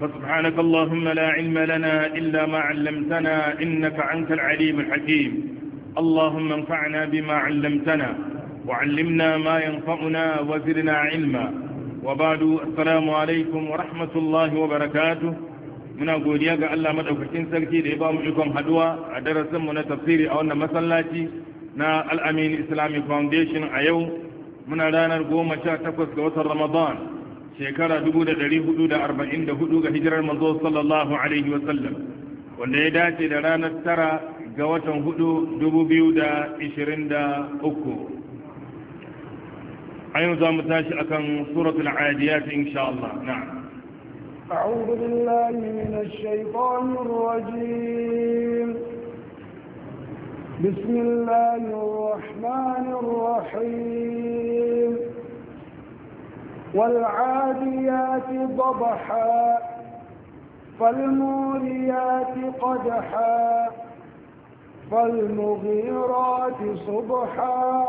فسبحانك اللهم لا علم لنا إلا ما علمتنا إنك أنت العليم الحكيم اللهم انفعنا بما علمتنا وعلمنا ما ينفعنا وزرنا علما وبعد السلام عليكم ورحمة الله وبركاته muna godiya ga Allah madaukakin sarki da ya ba mu ikon haduwa a darasin mu na tafsiri a wannan masallaci na al Islamic Foundation a yau muna ranar 18 ga watan Ramadan shekara 444 ga hijirar manzo sallallahu alaihi wasallam wanda ya dace da ranar tara ga watan 4 2023 a za mu tashi akan suratul adiyat insha Allah na'am أعوذ بالله من الشيطان الرجيم بسم الله الرحمن الرحيم والعاديات ضبحا فالموريات قدحا فالمغيرات صبحا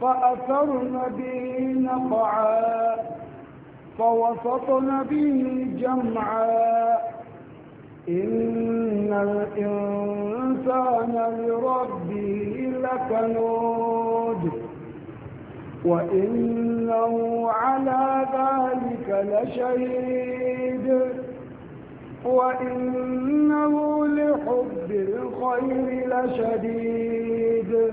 فأثرن به نقعا فوسطن به جمعا إن الإنسان لربه لكنون وإنه على ذلك لشهيد وإنه لحب الخير لشديد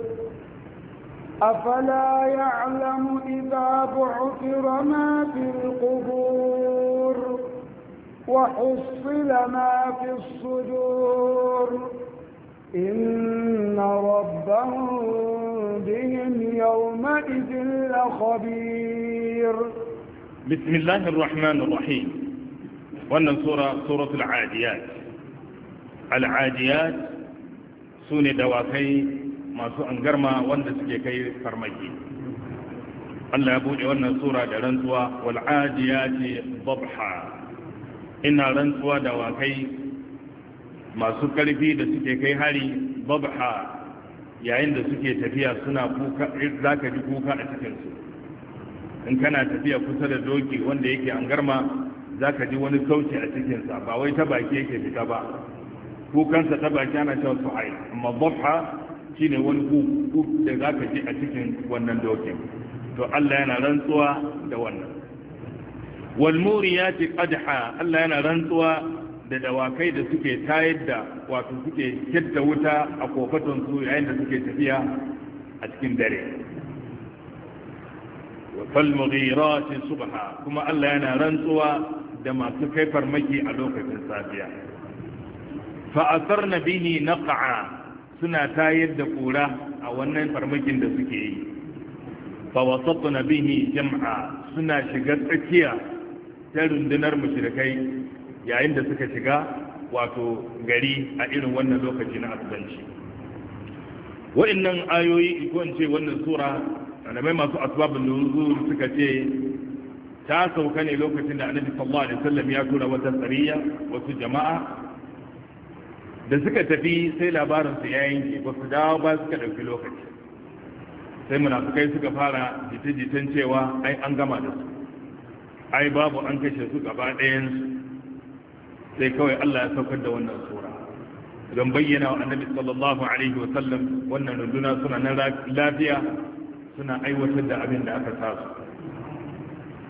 أفلا يعلم إذا بعثر ما في القبور وحصل ما في الصدور إن ربهم بهم يومئذ لخبير بسم الله الرحمن الرحيم وأن سورة, سورة العاديات العاديات سوني دوافي ما سوء انقرما وأن سجيكي فرميه قال أبوي وأن سورة دلنتوا والعاديات ضبحا إن دلنتوا دوافي masu ƙarfi da suke kai hari babha yayin da suke tafiya suna kuka za ka ji kuka a cikinsu in kana tafiya kusa da doki wanda yake an garma za ka ji wani kauce a cikinsa ba wai ta baki yake fita ba kukansa ta baki ana cewa suhai amma babha shi ne wani kuku da za ka ji a cikin wannan dokin to allah yana rantsuwa da wannan walmuriyati qadha allah yana rantsuwa da dawakai da suke tayar da wato suke kyadda wuta a kofatonsu yayin da suke tafiya a cikin dare falmughirati subha kuma Allah yana rantsuwa da masu kai farmaki a lokacin safiya fa asarna bihi naq'a suna tayar da kura a wannan farmakin da suke yi fa wasatna bihi jam'a suna shiga tsakiya ta rundunar mushrikai yayin da suka shiga wato gari a irin wannan lokaci na asubanci Waɗannan ayoyi ikon ce wannan sura malamai masu asbabun nuzul suka ce ta sauka ne lokacin da annabi sallallahu alaihi wasallam ya tura wata tsariya wasu jama'a da suka tafi sai labarin su ya yanke ba su dawo ba suka dauki lokaci sai munafukai suka fara jita-jitan cewa ai an gama da su ai babu an kashe su gaba ɗayan su sai kawai Allah ya saukar da wannan sura don bayyana wa annabi sallallahu alaihi wa sallam wannan runduna suna na lafiya suna aiwatar da abin da aka sa su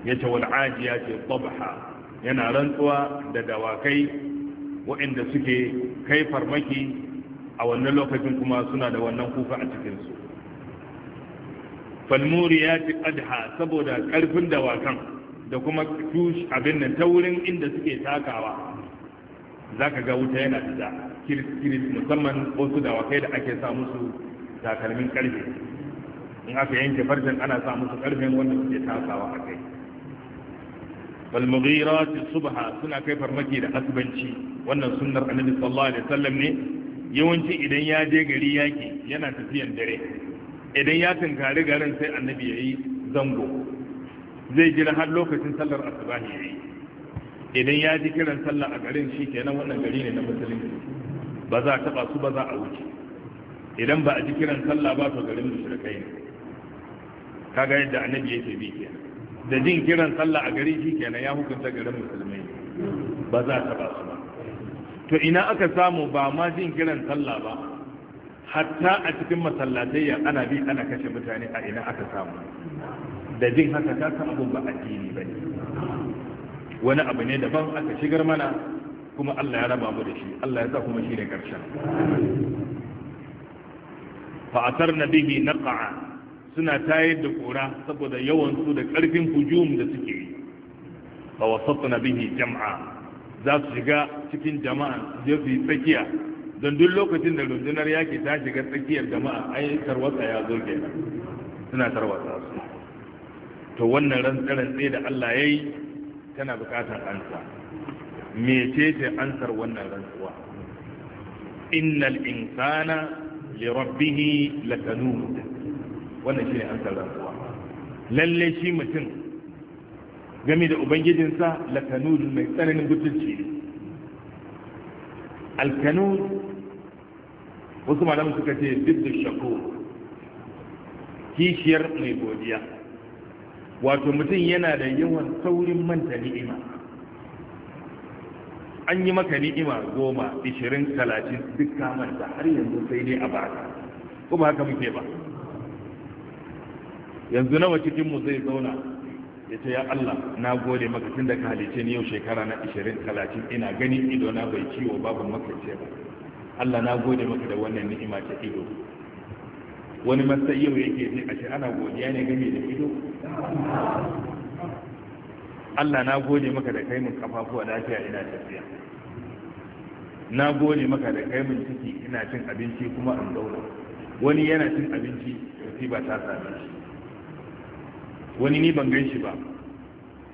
yace wal ajiya ce tabha yana rantsuwa da dawakai waɗanda suke kai farmaki a wannan lokacin kuma suna da wannan kuka a cikin su ci adha saboda karfin dawakan da kuma abin nan ta wurin inda suke takawa za ka ga wuta yana fita kiris musamman wasu wakai da ake sa musu takalmin karfe in aka yanke farjan ana sa musu karfe wanda suke tasawa a kai falmughirati subha suna kai farmaki da asbanci wannan sunnar annabi sallallahu alaihi wasallam ne yawanci idan ya je gari yaki yana tafiyan dare idan ya tunkari garin sai annabi yayi zango zai jira har lokacin sallar asubahi yayi idan ya ji kiran sallah a garin shi kenan wannan gari ne na musulunci ba za a taba su ba za a wuce idan ba a ji kiran sallah ba to garin mushrikai ne kaga yadda annabi yake bi kenan da jin kiran sallah a gari shi kenan ya hukunta garin musulmai ba za a taba su ba to ina aka samu ba ma jin kiran sallah ba hatta a cikin ya ana bi ana kashe mutane a ina aka samu da jin haka ka san abun ba addini ba ne wani abu ne daban aka shigar mana kuma Allah ya raba mu da shi Allah ya sa kuma shi ne karshen fa'atar na bihi na suna tayar da kura saboda yawansu da ƙarfin hujum da suke yi fa wasatu na jam'a jama'a za su shiga cikin jama'a je su yi tsakiya don duk lokacin da rundunar yaki ta shiga tsakiyar jama'a ai tarwatsa ya zo kenan suna tarwatsa su to wannan rantsaran tsaye da Allah ya yi tana bukatar ansa mecece ansar wannan rantsuwa innal insana li rabbih lakanud wannan shine ansar rantsuwa lalle shi mutum game da ubangijinsa lakanud mai tsananin butulci ne alkanud wasu malamu suka ce duk da shako kishiyar mai godiya wato mutum yana da yawan saurin manta ni'ima an yi maka ni'ima goma ishirin talatin duk manta har yanzu sai dai a baka kuma haka muke ba yanzu nawa cikinmu zai zauna ya ce ya Allah na gode maka tun da ka halice ni yau shekara na ishirin talatin ina gani ido na bai ciwo babu makance ba Allah na gode maka da wannan ni'ima ta ido wani matsayi yake ji a ana godiya ne game da ido Allah na gode maka da kai mun kafafuwa lafiya ina tafiya na gode maka da kai mun ciki ina cin abinci kuma an zauna wani yana cin abinci ba ta same shi wani ni ban gan shi ba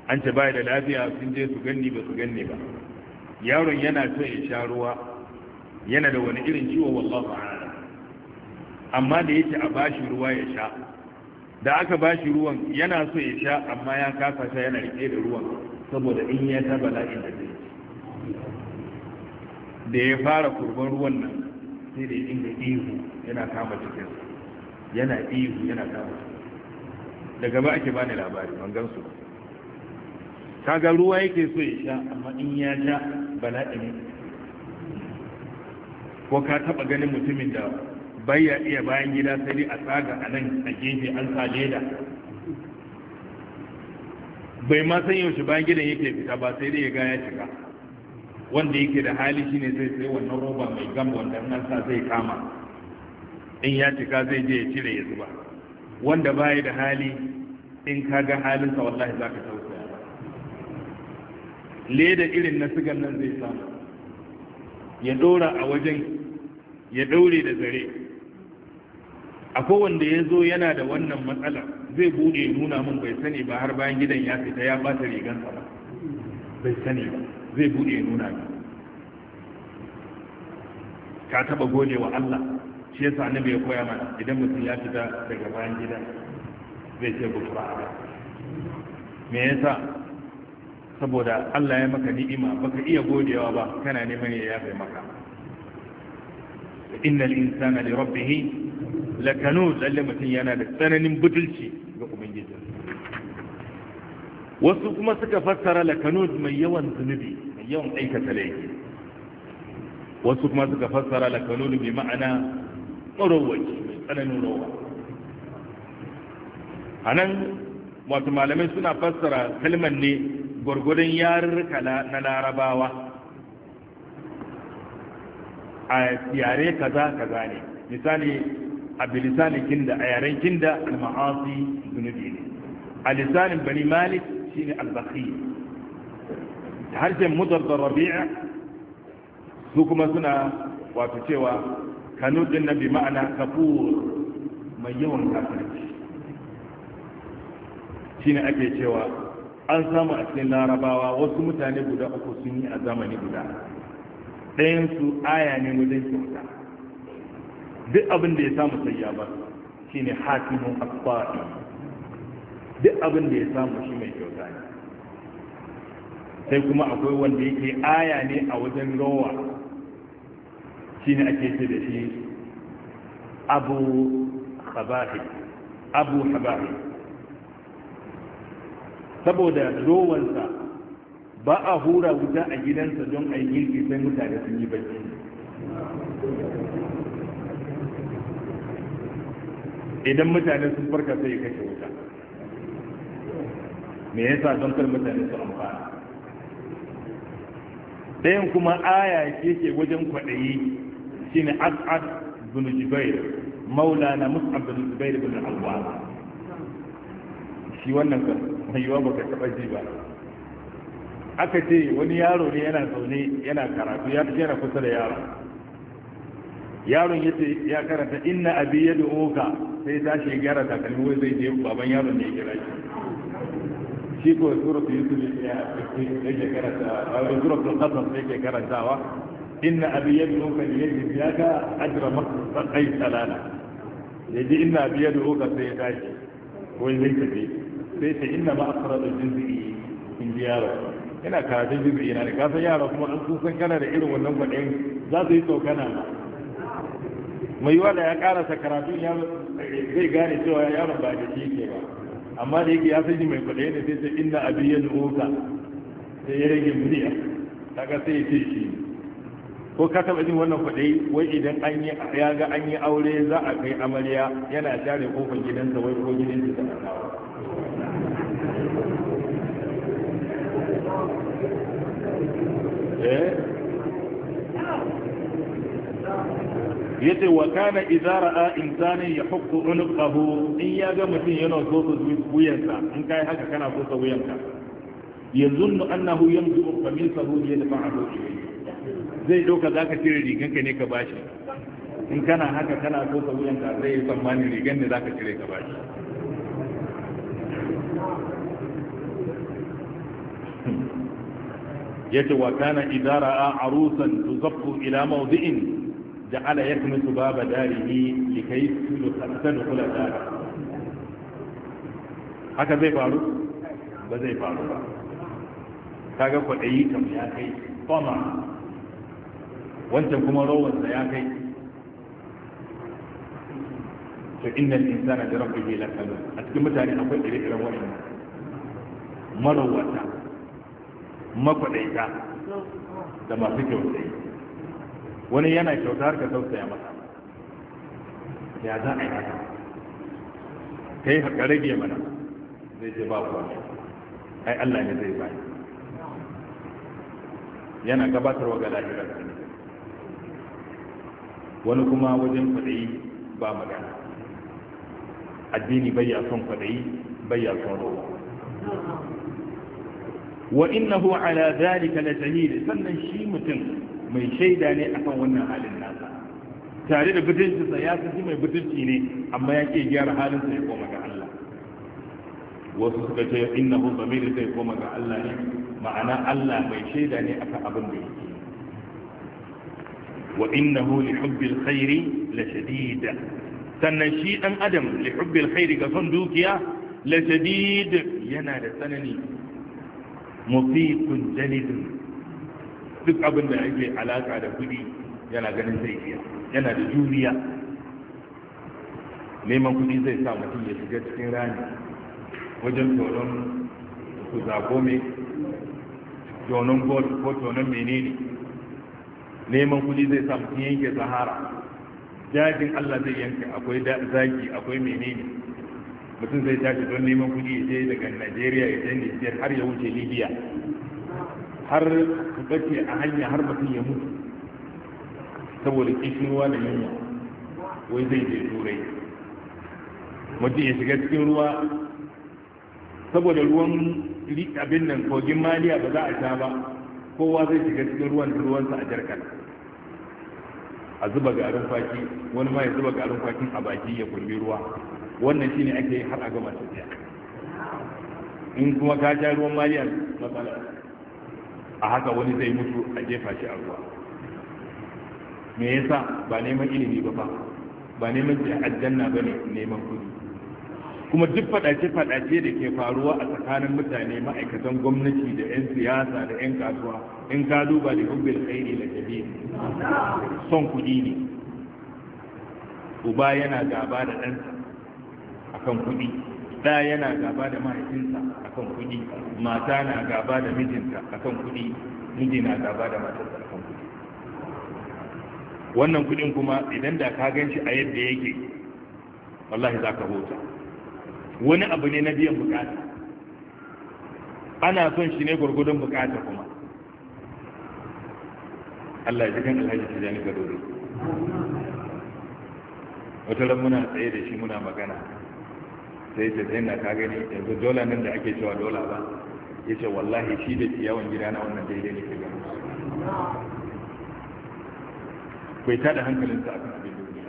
an ce baya da lafiya sun je su ganni ba su ganni ba yaron yana so ya sha ruwa yana da wani irin ciwo wallahu a'lam amma da yake a bashi ruwa ya sha da aka bashi ruwan yana so ya sha amma ya kasa sha yana rike da ruwan saboda in ya ta bala'i da zai da ya fara kurban ruwan nan sai da ya ihu yana kama cikin yana ihu yana kama cikin daga ba ake bani labari ban gansu kaga ruwa yake so ya sha amma in ya sha ne. ko ka taba ganin mutumin da bayya iya bayan gida sai dai a tsaga a nan a gefe an sa leda bai ma san yaushe bayan gidan yake fita ba sai dai ya ga ya shiga wanda yake da hali shine zai sai wannan roba mai gam wanda an sa zai kama in ya cika zai je ya cire ya zuba wanda bai da hali in ka ga halinsa wallahi za ka tausaya leda irin na sigan nan zai samu ya dora a wajen ya daure da zare akwai wanda ya zo yana da wannan matsala zai bude nuna mun bai sani ba har bayan gidan ya fita ya bata rigansa ba bai sani ba zai bude nuna min ka taba gode wa Allah shi yasa annabi ya koya mana idan mutum ya fita daga bayan gida zai ce gufura me yasa saboda Allah ya maka ni'ima baka iya godewa ba kana neman ya yafe maka innal insana li rabbihi lakanu lalle mutum yana da tsananin butulci ga ubangiji wasu kuma suka fassara lakanu mai yawan zunubi mai yawan aikata laifi wasu kuma suka fassara lakanu bi ma'ana tsarowaci mai tsananin rowa a nan wato malamai suna fassara kalman ne gwargwadon yarurruka na larabawa a yare kaza kaza ne misali a bilisanin kinda a yaren kinda al-ma'asi zunubi ne a lisanin bani malik ne al Ta harshen mudar da rabi'a su kuma suna wato cewa kanu din bi ma'ana kafur mai yawan kafirci ne ake cewa an samu a cikin larabawa wasu mutane guda uku sun yi a zamani guda ɗayan aya ne wajen kyauta duk abin da ya samu sai ya bar shine hakimun asfa'i duk abin da ya samu shi mai kyauta ne sai kuma akwai wanda yake aya ne a wajen rowa shine ake ce da shi abu khabahi abu khabahi saboda rowansa ba a hura wuta a gidansa don a yi girki sai mutane sun yi bacci idan mutane sun farka sai ya kashe wuta me yasa don kar mutane su amfana ɗayan kuma aya ce ke wajen kwaɗayi shine as'ad bin jubair na mus'ab bin jubair bin al-awwal shi wannan kan mai yiwa baka taɓa ji ba aka ce wani yaro ne yana zaune yana karatu ya tafi yana kusa da yaro yaron yace ya karanta inna abi yad'uka sai ya tashi ya gyara takalmi wai zai je baban yaron ne ya kira shi shi ko suratul yusuf ya yake karanta a suratul qasas sai yake karantawa inna abi yad'uka li yajziyaka ajra maqsaqai salala yaji inna abi yad'uka sai ya tashi wai zai tafi sai ta inna ma aqra da jizi in ji yaro yana karatun jiz'i na ne kasan san yaro kuma an sun san kana da irin wannan kwaɗayin za su yi tsokana ma mai yiwa da ya karasa ya zai gane cewa yaron ba da shi ke ba amma da yake ya sani mai kwaɗayi ne sai sai inda abin ya nuka sai ya rage ta ga sai ya ce shi ko ka taɓa jin wannan kwaɗayi wai idan an yi ya ga an yi aure za a kai amarya yana share kofar gidansa wai ko gidan da kawo eh yace wa kana a insani ya hukku unqahu in ya ga mutum yana so su wuyansa in kai haka kana so su wuyanka yanzunnu annahu yamzu qamisahu li yadfa'ahu ilayhi zai doka zaka cire riganka ne ka bashi in kana haka kana so su wuyanka zai yi tsammanin rigan ne zaka cire ka bashi yace wa kana idara a arusan tuzaffu ila mawdi'in ja'ala yakmutu baba darihi likai kula dar haka zai faru ba zai faru ba kaga dai kam ya kai fama wancan kuma sa ya kai to inna al-insana li rabbihi lakanun a cikin mutane akwai ire-iren wa'annan marawata makwadaita da masu kyautai wani yana kyauta har ka tausaya masa ya za a yi haka ka yi haka rage mana zai ce ba kuwa ai Allah ne zai bayi yana gabatarwa ga lahirar wani kuma wajen kwaɗayi ba magana addini bai son kwaɗayi bai son rowa wa innahu ala zalika la shahid sannan shi mutum mai shaida ne akan wannan halin nasa tare da butuncinsa ya san mai butunci ne amma ya ke gyara halinsa ya koma ga Allah wasu suka ce innahu zamiri zai koma ga Allah ne ma'ana Allah mai shaida ne akan abin da yake wa innahu li hubbil khairi la shadida sannan shi dan adam li hubbil khairi ga son dukiya la shadid yana da tsanani musiqun jalidun duk abin da yake alaka da kuɗi yana ganin zai iya yana da juriya neman kuɗi zai sa mutum ya shiga cikin rani wajen tsoron ku zago mai tonon gold ko tonon menene neman kudi zai sa mutum yanke sahara jajin allah zai yanke akwai zaki akwai menene mutum zai tashi don neman kudi ya je daga nigeria ya je har ya wuce libya har ka ce a hanya har mutum ya mutu saboda kishirwa da yunwa wai zai je turai mutum ya shiga cikin ruwa saboda ruwan abin nan kogin maliya ba za a sha ba kowa zai shiga cikin ruwan da ruwansa a jarkar a zuba garin faki, wani ma ya zuba garin fakin a baki ya kulli ruwa wannan shine ake har a gama tafiya in kuma ka sha ruwan maliya matsala a haka wani zai mutu a jefa shi a ruwa me yasa ba neman ilimi ba ba ba neman aljanna ba ne neman kudi kuma duk fadace-fadace da ke faruwa a tsakanin mutane ma'aikatan gwamnati da 'yan siyasa da 'yan kasuwa in ka duba da hubbil khairi la jabi son kudi ne uba yana gaba da ɗansa akan kudi da yana gaba da mahaifinsa akan kuɗi mata na gaba da mijinta akan kuɗi miji na gaba da matarsa akan kuɗi wannan kuɗin kuma idan da ka gan shi a yadda yake wallahi za ka hota wani abu ne na biyan bukata ana son shi ne gwargwadon bukata kuma Allah ya cikin alhaji ta jani ga dore wata muna tsaye da shi muna magana sai ce sai na ka gani yanzu dola nan da ake cewa dola ba ya ce wallahi shi da yawan gida na wannan daidai ne ke gani kai ta da sa akan abin duniya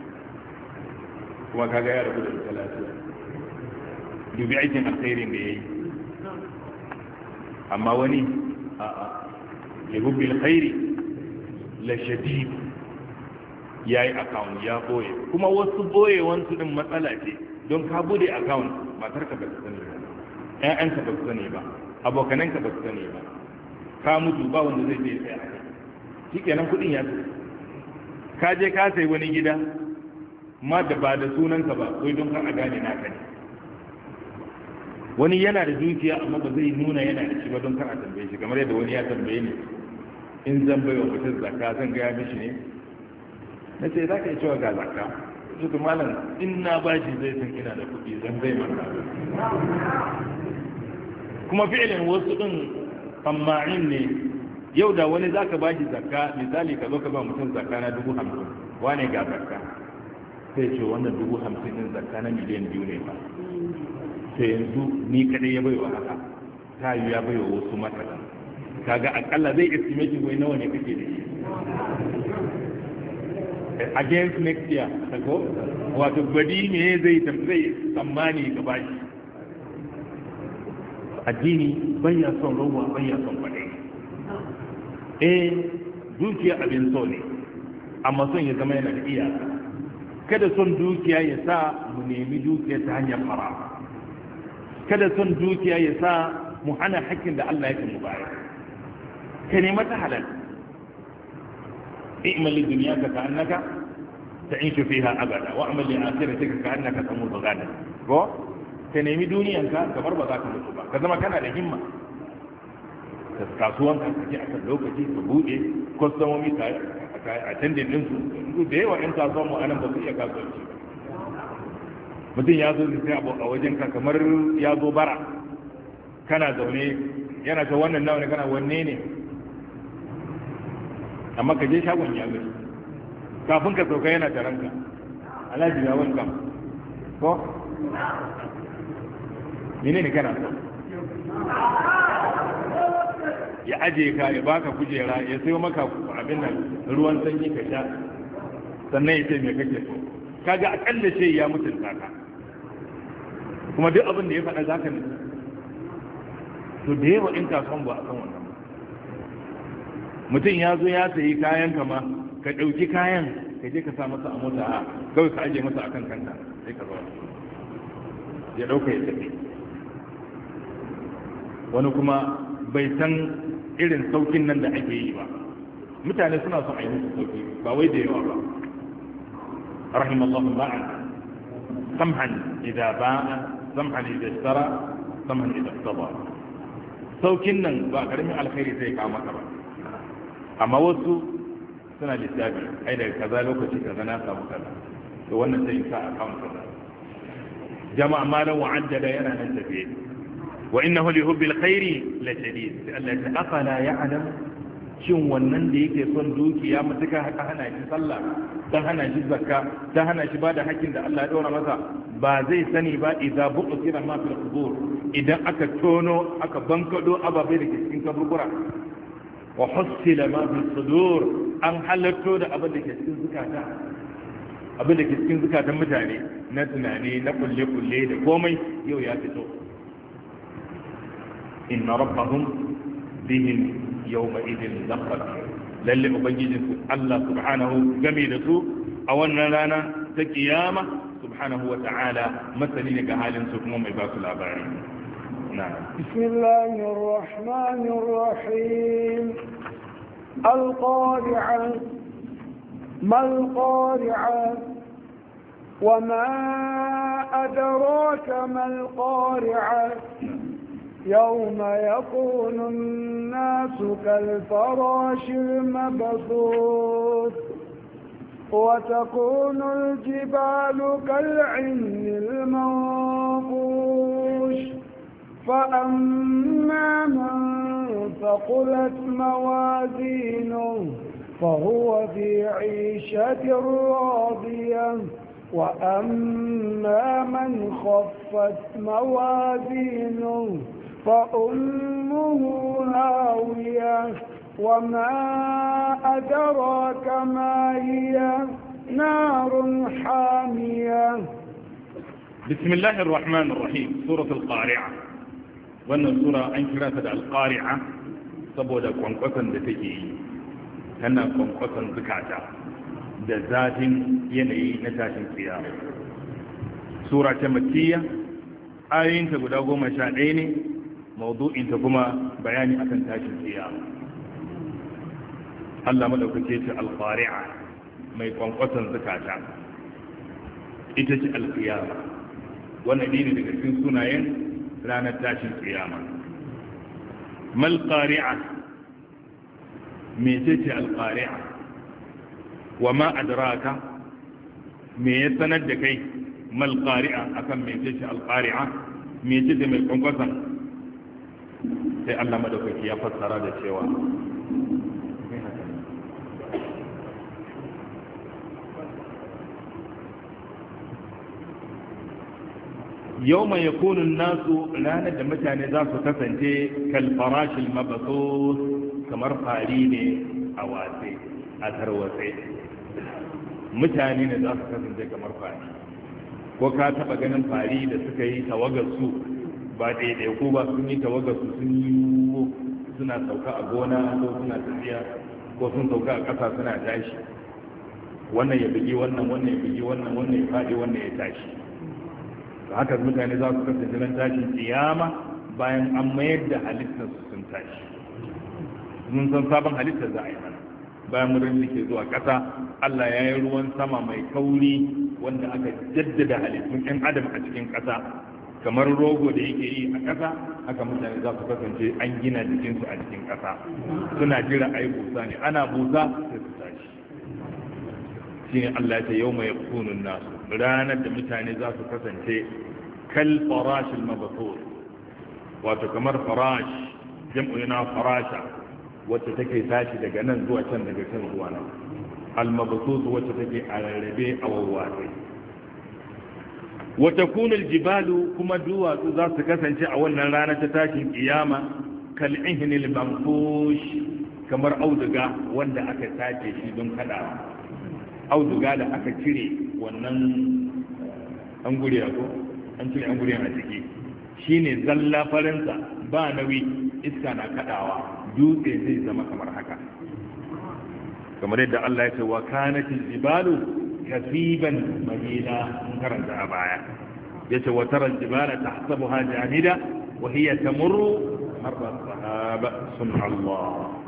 kuma kaga ya rabu da ita lafiya dubi aikin alkhairin da ya yi amma wani a'a lihubbi alkhairi la shadid ya yi akawun ya boye kuma wasu boyewansu din matsala ce don ka bude account ka ba ta sani ba ka ba su sani ba abokananka ba su sani ba ka mutu ba wanda zai je sai a kai shikenan kuɗin ya tsaye ka je ka sai wani gida ma da ba da ka ba koi don kan a gane naka ne wani yana da dukiya amma ba zai nuna yana da shi ba don kan a tambaye shi kamar yadda wani ya tambaye ni in zan bai wa mutum zakka zan gaya mishi ne na ce za ka yi cewa ga zakka duk malam in na bashi zai san ina da kuɗi zan zai maka kuma fi'ilin wasu din tamma'in ne yau da wani zaka shi zakka misali ka zo ka ba mutum zakka na dubu hamsin wane ga zakka sai ce wannan dubu hamsin din zakka na miliyan biyu ne ba sai yanzu ni kadai ya baiwa haka ta yi ya baiwa wasu matsala kaga akalla zai estimate wai nawa ne kake da shi against next year ko wato gwadi ne zai tambaye tsammani gaba shi addini bayya son rawa bayya son kwaɗe eh dukiya abin so ne amma son ya zama yana da iyaka kada son dukiya ya sa mu nemi dukiya ta hanyar fara kada son dukiya ya sa mu hana hakkin da Allah ya mu bayar ka nemi ta halal اعمل الدنيا كأنك تعيش فيها أبدا واعمل abada wa amal li akhiratika ka annaka كبر بذاك ko ka nemi duniyanka kamar ba za ka ba ka zama da himma ka kasuwan ka kaje a kan lokaci ka buɗe, kwastomomi ka a da yawa kasuwan mu anan ba su iya kasuwanci mutum ya zo sai abu a wajen ka kamar ya zo bara kana zaune yana ta wannan nawa ne kana wanne ne amma ka je shagon ya gari kafin ka sauka yana taron ka alhaji ya wani kam ko mene ne kana ya aje ka ya baka kujera ya sayo maka abin nan ruwan sanyi ka sha sannan ya ce me kake so kaga akalla ce ya mutunta ka kuma duk abin da ya faɗa zaka ne to da yawa in ka son ba a san wannan mutum ya zo ya sayi kayan kama ka ɗauki kayan ka je ka sa masa a mota a kawai ka aje masa kan kanta sai ka zauna ya ɗauka ya tafi wani kuma bai san irin saukin nan da ake yi ba mutane suna son a yi musu sauki ba wai da yawa ba rahim Allah a samhan idan a samhan idan sara samhan idan saba saukin nan ba karamin alkhairi zai kama ka ba amma wasu suna lissafi ai daga kaza lokaci kaza na samu kaza to wannan sai sa account kaza jama'a malan wa'addada yana nan tafiye wa innahu li hubbil khairi la shadid sai Allah ya afala ya'lam shin wannan da yake son dukiya mutuka haka hana shi sallah dan hana shi zakka dan hana shi bada hakkin da Allah ya dora masa ba zai sani ba idza buqtira ma fil qubur idan aka tono aka bankado ababai da ke cikin kaburbura wa hussila ma fi sudur an halatto da abin da ke cikin zukata abin da ke cikin zukatan mutane na tunani na kulle kulle da komai yau ya fito inna rabbahum bihim yawma idin laqad lalle ubangijin su Allah subhanahu game da su a wannan rana ta kiyama subhanahu wa ta'ala masani ga halin su kuma mai ba su نعم بسم الله الرحمن الرحيم القارعة ما القارعة وما أدراك ما القارعة يوم يكون الناس كالفراش المبثوث وتكون الجبال كالعن المنقوش فأما من ثقلت موازينه فهو في عيشة راضية وأما من خفت موازينه فأمه هاوية وما أدراك ما هي نار حامية بسم الله الرحمن الرحيم سورة القارعة wannan sura an kira ta da alƙari'a saboda kwankwason da take yi tana kwankwason zukata da zafin yanayi na tashin tsiya sura ta matiya ayoyinta guda goma sha ɗaya ne ta kuma bayani akan tashin tsiya Allah maɗaukake ta alƙari'a mai kwankwason zukata ita ce alƙiyama wannan ne daga cikin sunayen ranar tashin kiyama mal qari'a me al wa ma adraka me ya sanar da kai mal akan me ce al ce mai kwankwasan sai Allah madaukaki ya fassara da cewa yau mai ya kunun nasu ranar da mutane za su kasance kalfarashin mabaso kamar fari ne a watse a tarwatse mutane ne za su kasance kamar fari ko ka taba ganin fari da suka yi tawagarsu ba daidai ko ba sun yi tawagarsu sun yi suna sauka a gona ko suna tafiya ko sun sauka a ƙasa suna tashi wannan ya bugi wannan wannan ya bugi wannan wannan ya faɗi wannan ya tashi to haka mutane za su kasance nan tashin kiyama bayan an mayar da halittar su sun tashi mun san sabon halittar za a yi mana bayan murin ke zuwa ƙasa Allah ya yi ruwan sama mai kauri wanda aka jaddada halittun ɗan adam a cikin ƙasa kamar rogo da yake yi a ƙasa haka mutane za su kasance an gina jikinsu a cikin ƙasa suna jira a yi busa ne ana busa sai su tashi shi Allah ya ce yau mai kunun nasu ranar da mutane za su kasance kal farashil mabatur wato kamar farash jam'u farasha wacce take tashi daga nan zuwa can daga can zuwa nan al mabatur wacce take a rarrabe a wawwatsai wata kunul jibalu kuma duwatsu za su kasance a wannan ranar ta tashin kiyama kal ihnil banfush kamar auduga wanda aka sace shi don kadawa auduga da aka cire wannan eh, an guriya ko an cire an guriya a ciki Shi ne zalla farinsa ba nawi iska na kadawa dutse zai zama kamar haka kamar yadda Allah ya ce wa kanatil jibalu kasiban madina mun karanta a baya yace wa taral jibala tahsabuha jamida wa hiya tamurru marra sahaba sunallah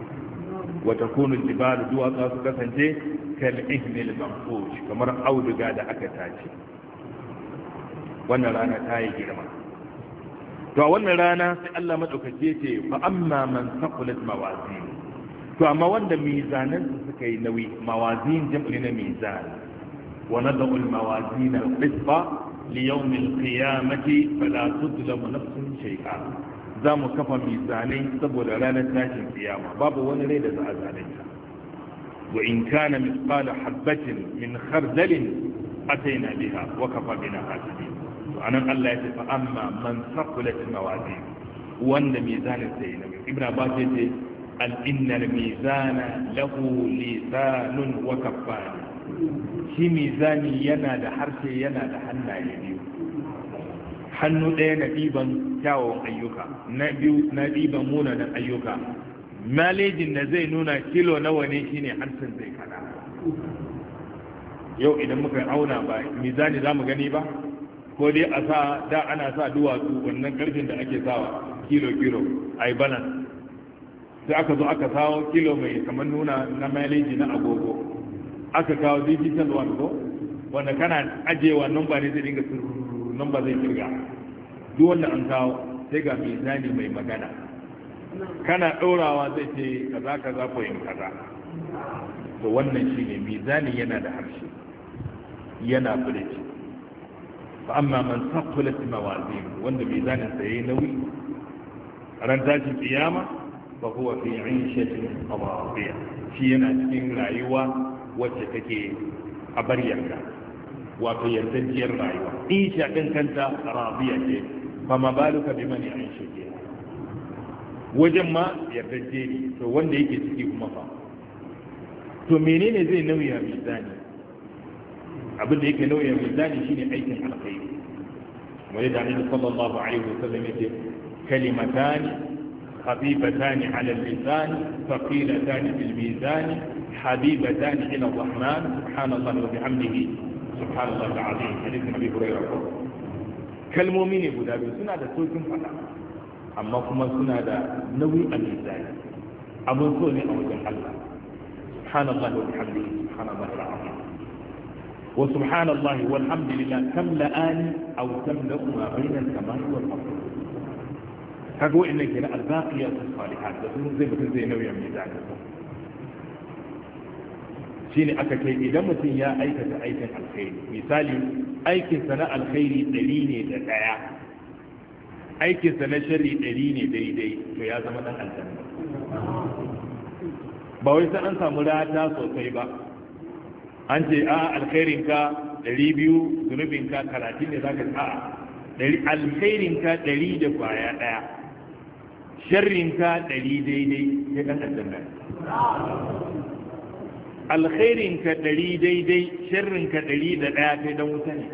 wata kunu jibalu duwatsa su kasance kal ihnil kamar auduga da aka tace wannan rana ta yi girma to a wannan rana sai Allah madaukake ce fa amma man saqulat mawazin to amma wanda mizanan su suka yi nauyi mawazin jam'i na mizan wa da al mawazin al qisba li yawm al qiyamati fala tudlamu nafsun za mu kafa mizanai saboda ranar tashin kiyama babu wani rai da za a zane ta wa in kana misqala habatin min khardalin ataina biha wa kafa bina hasibin to anan Allah ya ce fa amma man saqulat mawazin wanda mizanin sai na ibn abbas ya ce al innal mizana lahu lisanun wa kaffan shi mizani yana da harshe yana da hannaye biyu hannu ɗaya na ɗiban kyawawan ayyuka na biyu na ɗiban munanan ayyuka malejin da zai nuna kilo nawa ne shine harshen zai kada yau idan muka auna ba mizani za mu gani ba ko dai a sa da ana sa duwatsu wannan ƙarfin da ake sawa kilo kilo a yi balan sai aka zo aka sawo kilo mai kamar nuna na malejin na agogo aka kawo digital one ko wanda kana ajiye nan ba ne zai dinga sirru nan ba zai kirga duk wanda an kawo sai ga mizani mai magana kana ɗaurawa zai ce kaza kaza ko yin kaza to wannan shi ne mizani yana da harshe yana bulici fa amma man saqulat mawazin wanda mizanin sa yayi nauyi ran tashin kiyama fa huwa fi 'ishatin qadiyah shi yana cikin rayuwa wacce take a baryanka wato yardanciyar rayuwa isha din kanta radiya ce ba ma baluka bi man ya'ishu wajen ma yardance ne to wanda yake ciki kuma fa to menene zai nauya mizani abin da yake nauya mizani shine aikin alkhairi wani da annabi sallallahu alaihi wasallam yake kalimatani خفيفتان على اللسان ثقيلتان في الميزان حبيبتان إلى الرحمن سبحان الله وبحمده subhanallah alazim hadisin abi hurairah ko kalmomi ne guda biyu suna da sokin fada amma kuma suna da nauyi a mizani abun so ne a wajen Allah subhanallah wa bihamdihi subhanallah alazim wa subhanallah walhamdulillah tamla'ani aw tamla'u ma bayna as-samai wal ard kago inna kana al-baqiyatu salihat da sun zai mutun zai a shine aka kai idan mutum ya aikata aikin alkhairi misali aikinsa na alkhairi ɗari ne da ɗaya aikinsa na sharri ɗari ne daidai to ya zama ɗan aljanna ba wai sai an samu rata sosai ba an ce a alkhairinka ɗari biyu ka karatun ne zaka ka a alkhairinka ɗari da kwaya ɗaya sharrinka ɗari daidai ya ɗan aljanna alkhairin ka ɗari daidai sharrin ka ɗari da ɗaya kai don wuta ne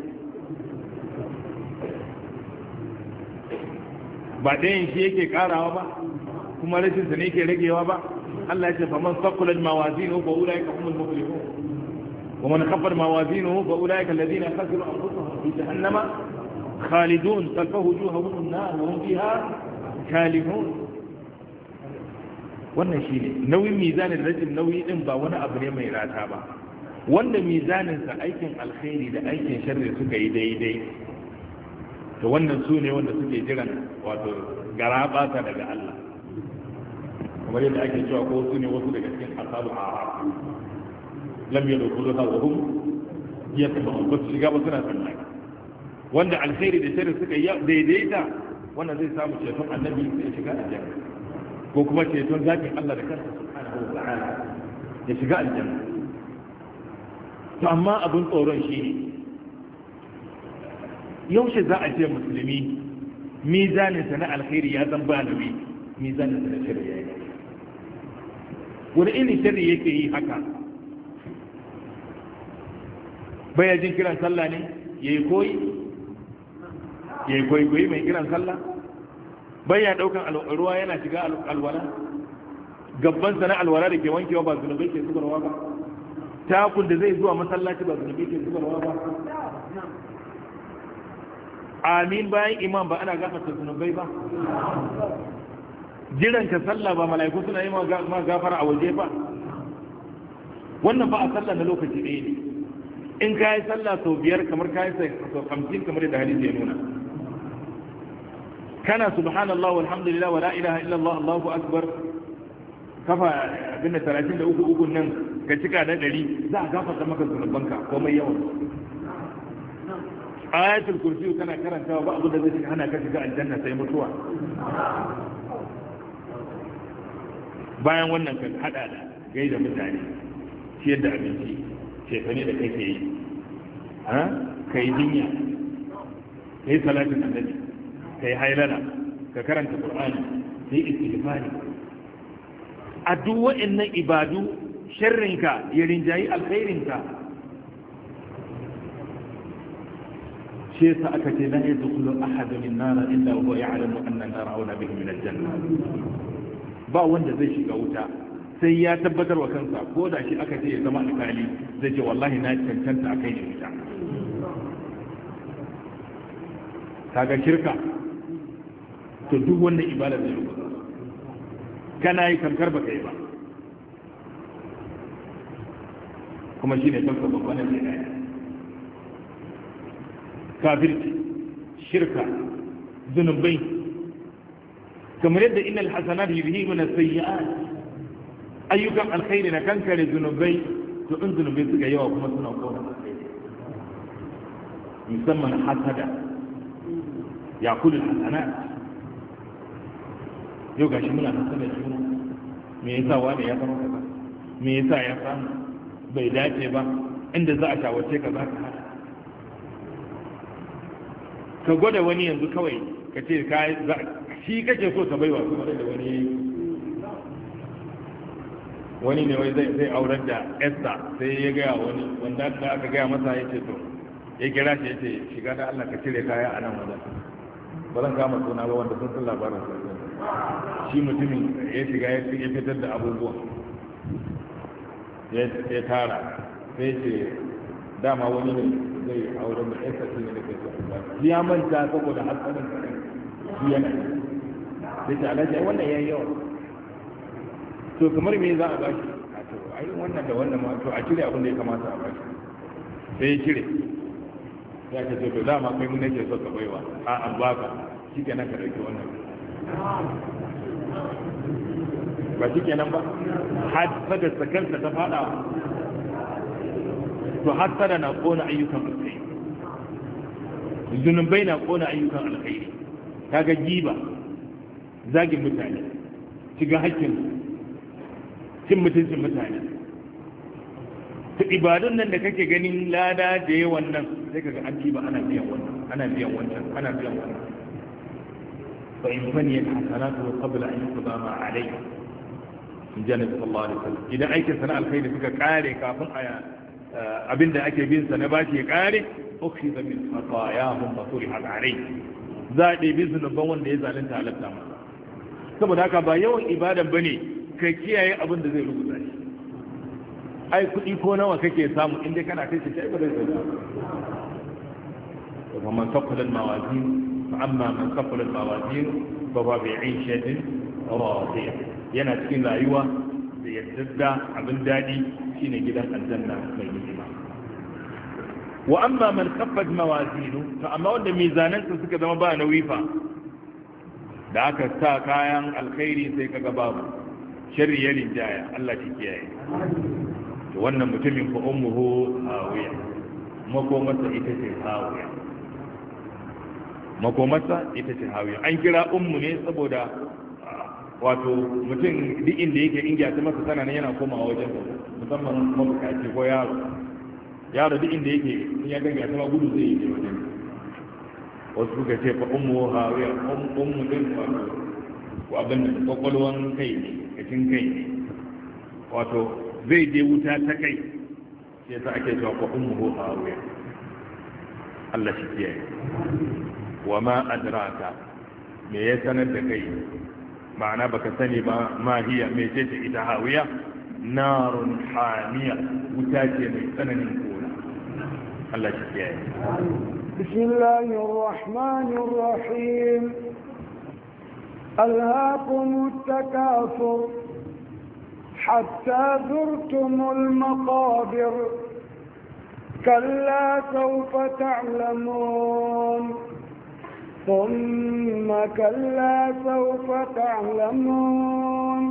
ba ɗayan shi yake ƙarawa ba kuma rashin sa ne yake ragewa ba Allah ya ce faman saqulat mawazinuhu fa ulaika humul muflihun wa man khaffat mawazinuhu fa ulaika alladhina khasiru anfusahum fi jahannama khalidun talfahu wujuhahum an-nar wa hum fiha khalidun wannan shi ne nauyin mizanin rajin nauyi din ba wani abu ne mai rata ba wanda mizaninsa aikin alkhairi da aikin sharri suka yi daidai to wannan su ne wanda suke jiran wato gara bata daga Allah kamar yadda ake cewa ko su ne wasu daga cikin asabu a haku lam yadkhulu ha wa hum yatba'u ko su shiga ba suna tsammani wanda alkhairi da sharri suka yi daidaita wannan zai samu ceton annabi sai shiga aljanna ko kuma ceton zakin Allah da kansa subhanahu wa ta'ala ya shiga aljanna to amma abin tsoron shi ne yaushe za a ce musulmi sa na alkhairi ya zan ba nabi mizaninsa na shari'a ya yi wani irin shari'a yake yi haka baya jin kiran sallah ne ya yi koyi ya yi koyi mai kiran sallah bayan ya daukan ruwa yana shiga alwala gabban sana alwala da ke wankewa ba zunubai ke zubarwa ba takun da zai zuwa masallaci ba zunubi ke zubarwa ba amin bayan imam ba ana gafarta zunubai ba jiran ka sallah ba mala'iku suna yi ma gafara a waje ba wannan ba a sallah na lokaci ɗaya ne in ka yi sallah sau biyar kamar ka yi sau hamsin kamar da hadisi ya nuna kana subhanallah walhamdulillah wala ilaha illallah allahu akbar kafa abin da 33 ukun nan ka cika da 100 za a gafarta maka zunubanka komai yawan ayatul kursi kana karantawa ba abu da zai hana ka shiga aljanna sai mutuwa bayan wannan kan hada da gaida mutane ciyar da abinci shekane da kai ke yi ha kai dinya kai salatin annabi kai hailala ka karanta qur'ani kai istighfari a duk wa'annan ibadu sharrinka ya rinjayi alkhairinka shi aka ce la kullum ahadun an-nar illa huwa ya anna an-nar aula bihi min al ba wanda zai shiga wuta sai ya tabbatar wa kansa ko da shi aka ce ya zama alkali zai ce wallahi na cancanta a kai ne wuta kaga shirka to duk wannan ibada da yau kana yi kankar baka yi ba kuma shi ne kanka babban da ya kafirci shirka zunubai kamar yadda yi hasanat yuzhibuna sayyi'at ayyukan alkhairi na kankare zunubai to in zunubai suka yawa kuma suna kona musamman hasada ya kulul hasanat yau gashi muna nan sanar juna me yasa wani ya zama kaza me yasa ya samu bai dace ba inda za a shawarce ka za ka hada ka gwada wani yanzu kawai ka ce ka za? shi kake so ta baiwa kuma da wani yi. wani ne wai zai aurar da Esther sai ya gaya wani wanda da aka gaya masa ya ce to ya kira shi ya ce shiga da Allah ka cire kaya a nan wajen ba zan kama suna ba wanda sun sun labarin shi mutumin ya shiga ya fitar da abubuwa ya tara sai ce dama wani ne zai aure da ya sassi ne da ke sassi ya manta saboda hatsarin su yana sai ta alaji wannan ya yi yawa to kamar me za a bashi a to ai wannan da wannan ma to a cire abin da ya kamata a bashi sai ya cire ya ce to dama kai mun nake so ka baiwa a an baka shi kenan ka dauki wannan ba shi kenan ba da sakansa ta fada to da na kona ayyukan alkhairi zunubai na kona ayyukan alkhairi Ta ga giba zagin mutane shiga hakkin cin mutuncin mutane ta ibadun nan da kake ganin lada da yawan nan sai kaga an giba ana biyan wannan ana biyan wancan ana biyan wannan فإن بني الحسنات قبل أن يقضى ما عليه in ji annabi sallallahu alaihi wasallam idan aikin sana alkhairi suka kare kafin abin da ake bin sa na bashi ya kare ukhiza min khatayahum fa turiha alai za a ɗebi zunuban wanda ya zalunta halatta saboda haka ba yawan ibadan bane ka kiyaye abin da zai rubuta shi ai kuɗi ko nawa kake samu in dai kana kai shi ba zai ba amma man kafala mawazin fa ba bi aishatin radiya yana cikin rayuwa da yaddada abin dadi shine gidan aljanna mai ni'ima wa amma man khaffat mawazinu to amma wanda mizanansa suka zama ba nauyi fa da aka sa kayan alkhairi sai kaga babu sharri ya rinjaya Allah shi kiyaye to wannan mutumin fa ummuhu hawiya makomarsa ita ce hawiya makomarsa ita ce hawiya an kira ummu ne saboda wato mutum duk inda yake ingiya ta masa sana yana komawa wajen musamman mabukaci ko yaro yaro duk inda yake in ya ganga ta gudu zai yi wajen wasu suka ce fa ummu hawiya um, ummu din wato ko abin da kwakwalwan kai ne kacin kai ne wato zai je wuta ta kai sai ta ake cewa fa ummu hawiya Allah shi kiyaye wa ma adraka me ya sanar da kai ma'ana baka sani ba ma hiya me ce ce ita hawiya narun hamiya wuta ce mai tsananin kona Allah shi kiyaye bismillahir rahmanir rahim alhaqum takasur hatta zurtum al-maqabir كلا سوف تعلمون ثم كلا سوف تعلمون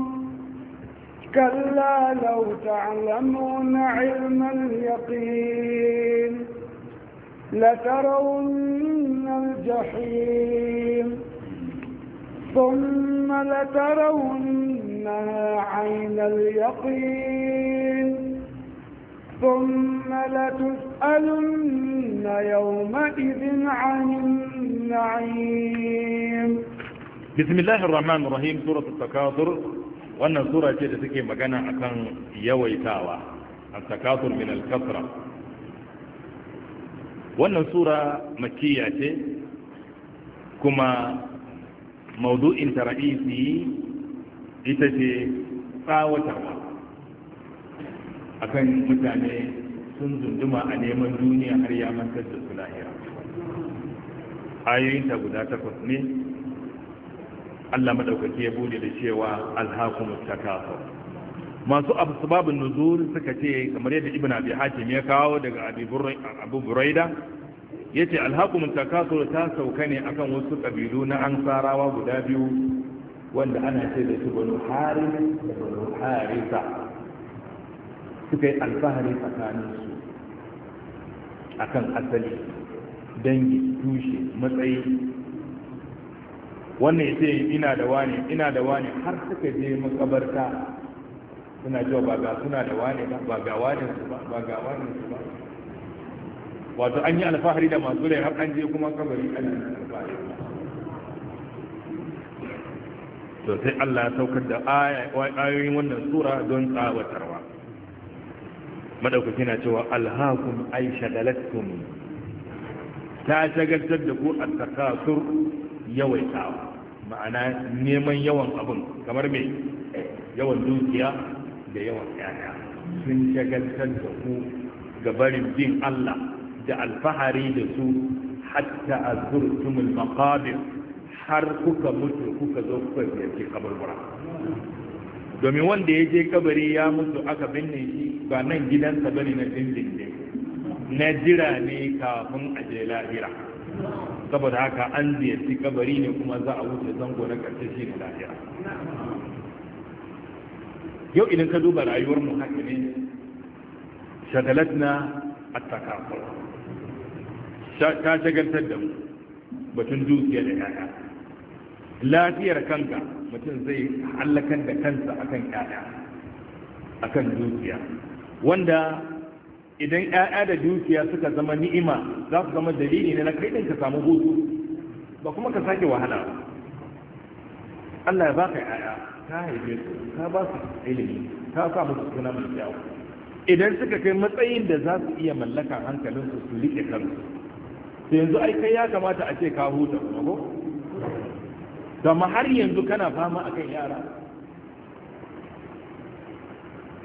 كلا لو تعلمون علم اليقين لترون الجحيم ثم لترونها عين اليقين ثم لتسألن يومئذ عن النعيم بسم الله الرحمن الرحيم سورة التكاثر wannan sura ce da take magana akan yawaitawa a takasur min al wannan sura makkiya ce kuma maudu'in ta ra'isi ita ce tsawatarwa akan mutane sun zunduma a neman duniya har ya mantar da su lahira ayoyin ta guda takwas ne Allah maɗaukaki ya bude da cewa alhaqum takafa masu babu nuzuri suka ce kamar yadda ibn abi hatim ya kawo daga abu buraida Ya ce alhaqum takaso ta sauka ne akan wasu ƙabilu na ansarawa guda biyu wanda ana ce da su banu haris da banu harisa suka yi alfahari tsakaninsu a kan asali dangi tushe matsayi wannan ya ce ina da wane ina da wane har suka je makabarta suna cewa ba ga suna da wane ba ba ga wane su ba ba ga wane su ba wato an yi alfahari da masu rai har an je kuma kabari an yi alfahari to sai Allah ya saukar da ayoyin wannan sura don tsawatarwa madaukaki na cewa alhaakum ay shagalatkum ta shagaltar da ku at-takasur yawaitawa ma'ana neman yawan abun kamar me yawan dukiya da yawan yaya sun shagaltar da ku ga barin bin Allah da alfahari da su hatta azurtumul maqabir har kuka mutu kuka zo kuka ziyarci kaburbura domin wanda ya je kabari ya mutu aka binne shi ba nan gidansa bane na dindindin na jira ne kafin a je lahira saboda haka an ziyarci kabari ne kuma za a wuce zango na karshe shi ne lahira yau idan ka duba rayuwar mu haka ne shagalatna at-takafur ta shagaltar da mu batun dukiya da yaya lafiyar kanka mutum zai hallakan da kansa akan yaya akan dukiya wanda idan 'ya'ya da dukiya suka zama ni'ima za su zama dalili ne na kai ɗin ka samu hutu ba kuma ka sake wahala Allah ya ba ka 'ya'ya ka haife su ka ba su ilimi ka sa musu suna mai kyau idan suka kai matsayin da za su iya mallaka hankalin su su riƙe kansu sai yanzu ai kai ya kamata a ce ka huta kuma ko amma har yanzu kana fama akan yara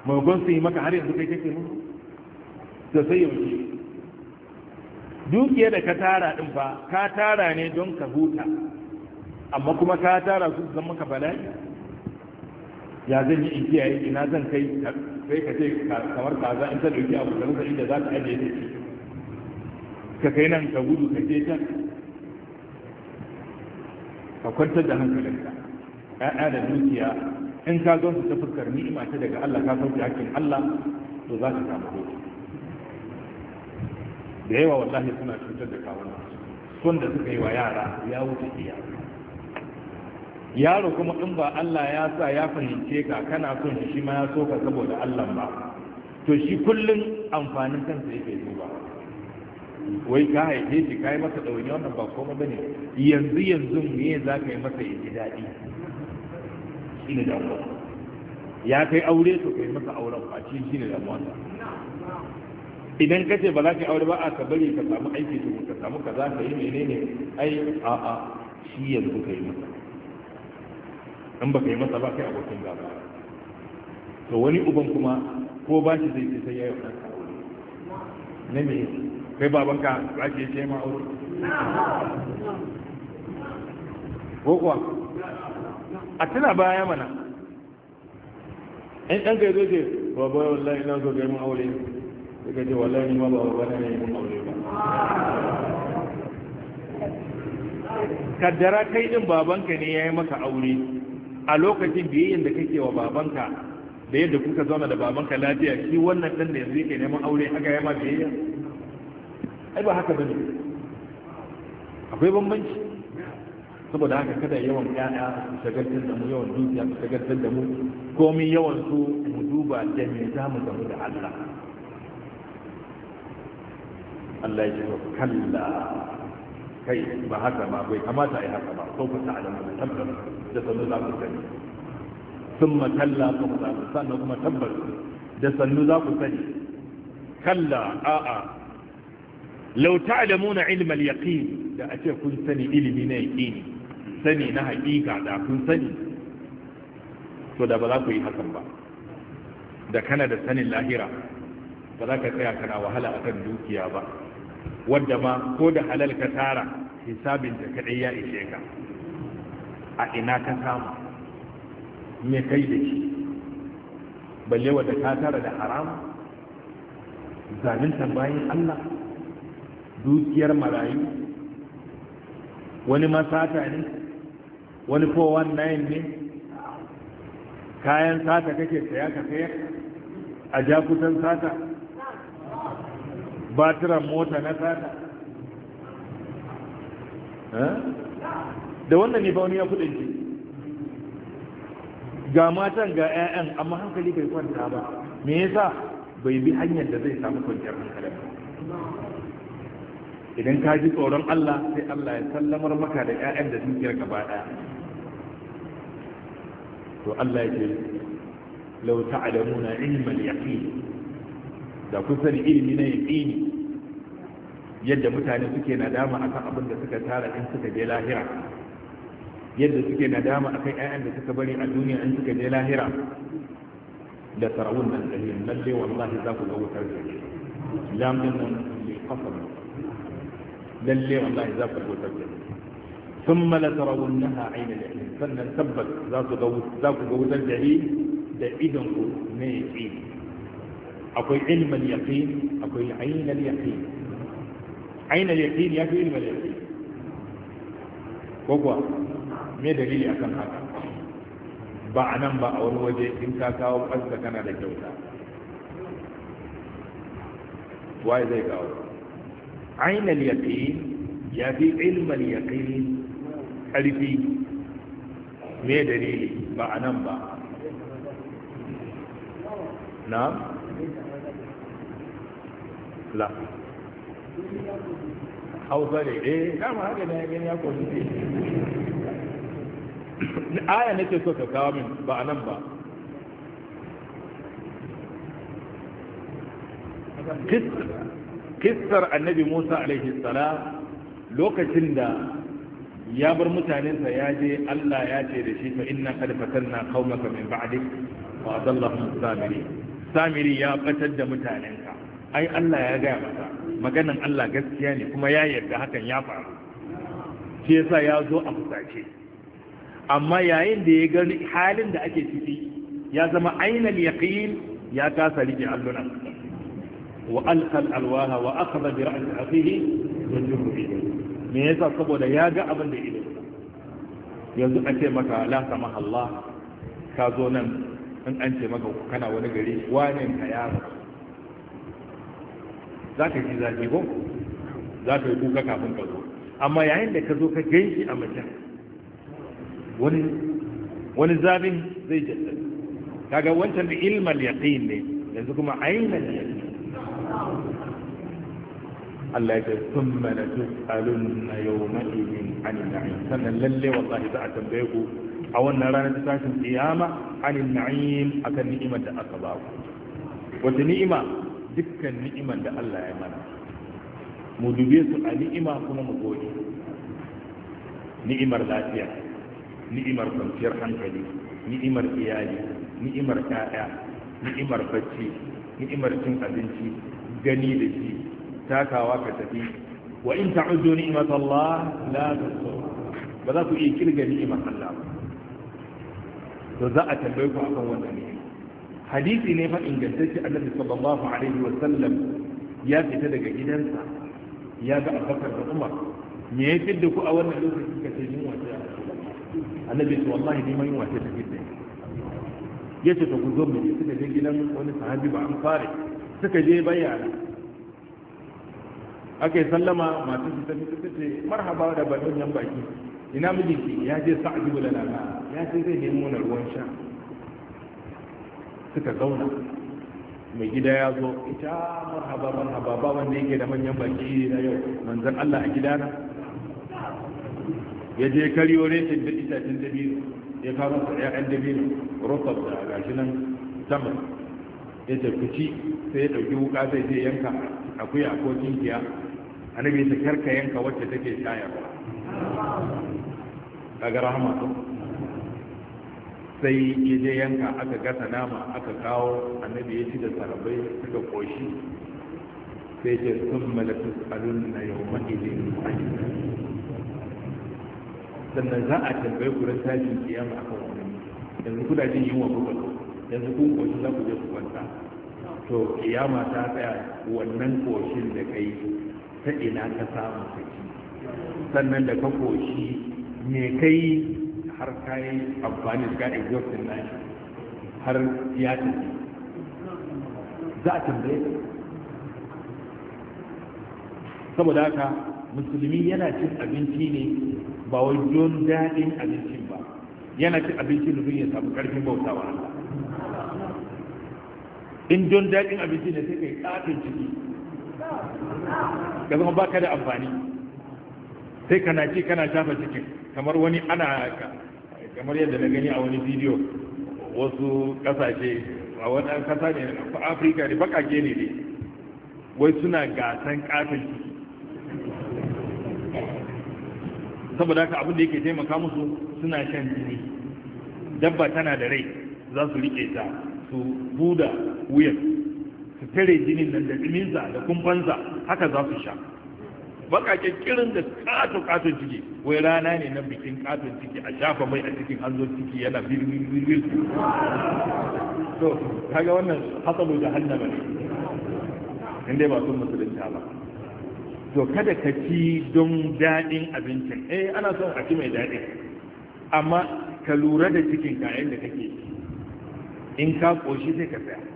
maimakon sun yi maka har yanzu kai kake mun Da sai yaushe dukiya da ka tara din fa ka tara ne don ka huta amma kuma ka tara su zan maka bala'i ya zan yi in yi ina zan kai sai ka ce kamar kaza in ta dauki abu da rusa inda za ta ajiye ta ci ka kai nan ka gudu ka je ta. ka kwantar da hankalinka ya'ya da dukiya in ka gansu ta fuskar ni'ima ta daga Allah ka sauke hakkin Allah to za ka samu hutu da yawa wallahi suna cutar da kawunan sun da suka yi wa yara ya wuce iya yaro kuma in ba Allah ya sa ya fahimce ka kana son shi ma ya soka saboda Allah ba to shi kullum amfanin kansa yake duba wai ka haife shi ka yi masa ɗauni wannan ba komai bane yanzu yanzu me za ka yi masa ya ji daɗi shi ne damuwa ya kai aure to kai masa auren kwaci shi ne damuwa idan kace ba za ka aure ba a ka bari ka samu aiki to ka samu kaza ka yi menene ai a a shi yanzu ka yi masa in ba ka yi masa ba kai abokin gaba to wani uban kuma ko ba shi zai sai ya yi wannan aure na me kai baban ka ba shi ya ce ma aure ko kuwa a tuna baya mana in ɗan ka ce ba ba wallahi ina so ga mun aure suka ce wallahi ni ma ba wa na ne mun aure ba kaddara kai ɗin babanka ne ya yi maka aure a lokacin biyayyen da kake wa babanka da yadda kuka zauna da babanka lafiya shi wannan ɗan da yanzu yake neman aure haka ya ma biyayya ai ba haka bane akwai bambanci saboda haka kada yawan ƴaƴa su shagaltar da mu yawan dukiya su shagaltar da mu komai yawan su mu duba da me za mu gamu da Allah Allah ya ce kalla kai ba haka ba bai kamata a yi haka ba sau fata alamu da tabbas da sannu za ku sani sun kalla sun za ku sannu kuma tabbas da sannu za ku sani kalla a'a lau ta'lamuna ilmal yaqin da a ce kun sani ilimi na yaqini sani na haƙiƙa da kun sani to da ba za ku yi hakan ba da kana da sanin lahira ba za ka tsaya kana wahala akan dukiya ba wadda ma ko da halal ka tara hisabin da kaɗai ya ishe ka a ina ka samu me kai da shi balle wadda ka tara da haram zanen tambayin Allah dukiyar marayu wani ma sata ne wani 419 ne kayan sata kake saya ka sayar a jakutan sata batiran mota na sata da wannan ne ba wani ya kudin ce ga matan ga 'ya'yan amma hankali bai kwanta ba me yasa bai bi hanyar da zai samu kwanciyar hankali idan ka ji tsoron Allah sai Allah ya sallamar maka da 'ya'yan da kira gaba ɗaya to Allah yake law ta'lamuna ilmal yaqin da kun sani ilimi na yaqini yadda mutane suke nadama akan abin da suka tara in suka je lahira yadda suke nadama akan ƴaƴan da suka bari a duniya in suka je lahira da sarawun nan dalilin lalle wallahi za ku ga wutar da lamun nan ne kafa lalle wallahi za ku ga wutar da ثم لترونها عين اليقين sannan tabbas za ku ga wutar dare da idan ku ne akwai ilmin yaqin akwai ainal yaqin ainal yaqin ya fi ilmin yaqin ko me dalili akan haka ba a nan ba a wani waje in ka kawo ƙasa kana da kyauta waye zai kawo ainal yaqin ya fi ƙarfi me dalili ba a nan ba na? la hausa da eh kama haka na gani ya kwasu ne aya nake so ta kawo min ba a nan ba Kistar annabi musa alaihi salam lokacin da ya bar mutanensa ya je Allah ya ce da shi fa inna qad fatanna qaumaka min ba'dik wa adallahum samiri samiri ya batar da mutanenka ai Allah ya gaya masa maganan Allah gaskiya ne kuma ya yarda hakan ya faru shi yasa ya zo a fusace amma yayin da ya gani halin da ake ciki ya zama ainal yaqin ya kasa rike alluna wa alqa alwaha wa akhadha bi ra's akhihi yajru bihi me yasa saboda ya ga abin da ido yanzu a ce maka la sama Allah ka zo nan in an ce maka kana wani gari wani ka yaro za ka ji zaki ko za ka yi kuka kafin ka zo amma yayin da ka zo ka gan shi a mutum wani wani zabin zai jaddada kaga wancan da ilmal yaqin ne yanzu kuma ainihin yaqin Allah ya ce thumma la tus'alunna yawma idin 'anil na'im sannan lalle wallahi za a tambaye ku a wannan ranar tashin kiyama 'anil na'im akan ni'imar da aka ba ku wata ni'ima dukkan ni'imar da Allah ya mana mu dube su a ni'ima kuma mu gode ni'imar lafiya ni'imar kwanciyar hankali ni'imar iyali ni'imar 'ya'ya ni'imar bacci ni'imar cin abinci gani da ji takawa ka tafi wa in ta'uddu ni'mat Allah la tuhsuha ba za ku iya kirga ni'imar Allah ba to za a tambaye ku akan wannan ne hadisi ne fa ingantacce annabi sallallahu alaihi wa sallam ya fita daga gidansa ya ga Abubakar da Umar me ya fidda ku a wannan lokacin ka ce yin wata annabi ce wallahi ni ma yin wata ta fidda ya ce ta ku zo mu suka je gidan wani sahabi ba an fare suka je bayyana aka yi sallama masu su fita suka ce marhaba da bakin yan baki ina mijinki ya je sa'adu da lalata. ya ce zai nemo na ruwan sha suka zauna mai gida ya zo ita marhaba marhaba ba wanda yake da manyan baki na yau manzan Allah a gida na? ya je kariyo reshen da itacen dabino ya kawo masa ƴaƴan dabino rufar da gashi nan sama ya tafi ci sai ya ɗauki wuka zai je yanka akuya ko kinkiya annabi ta karka yanka wacce take shayarwa daga rahama to sai ya je yanka aka gasa nama aka kawo annabi ya ci da sarabai suka koshi sai ce sun malatus alun na yau ma'ilin sannan za a tambayi ku ran tashin kiyama akan wani yanzu kuna jin yunwa ku ba yanzu kun koshi za ku je ku kwanta to kiyama ta tsaya wannan koshin da kai ta ina ka samu saki sannan da ka koshi me kai har ka yi amfani da exhaustion na shi har ya tafi za a tambaye saboda haka musulmi yana cin abinci ne ba wai don daɗin abinci ba yana cin abinci nufin ya samu ƙarfin bautawa in don daɗin abinci ne sai kai ƙafin ciki ka zama baka da amfani sai kana naki kana shafa cikin kamar wani ana kamar yadda na gani a wani bidiyo wasu kasashe a wani kasa ne a afirka ne bakake ne ne wai suna gasan katon ciki saboda haka abin da yake taimaka musu suna shan jini dabba tana da rai za su rike ta su buda wuyan su tare jinin nan da ɗuminsa da kumfansa haka za su sha baka kirin da kato kato ciki wai rana ne na bikin kato ciki a shafa mai a cikin hanzo ciki yana birbirbir to kaga wannan hasabu ba ne inda ba sun musulunta ba to kada ka ci don daɗin abincin eh ana son a ci mai daɗi amma ka lura da cikin kayan da kake in ka koshi sai ka tsaya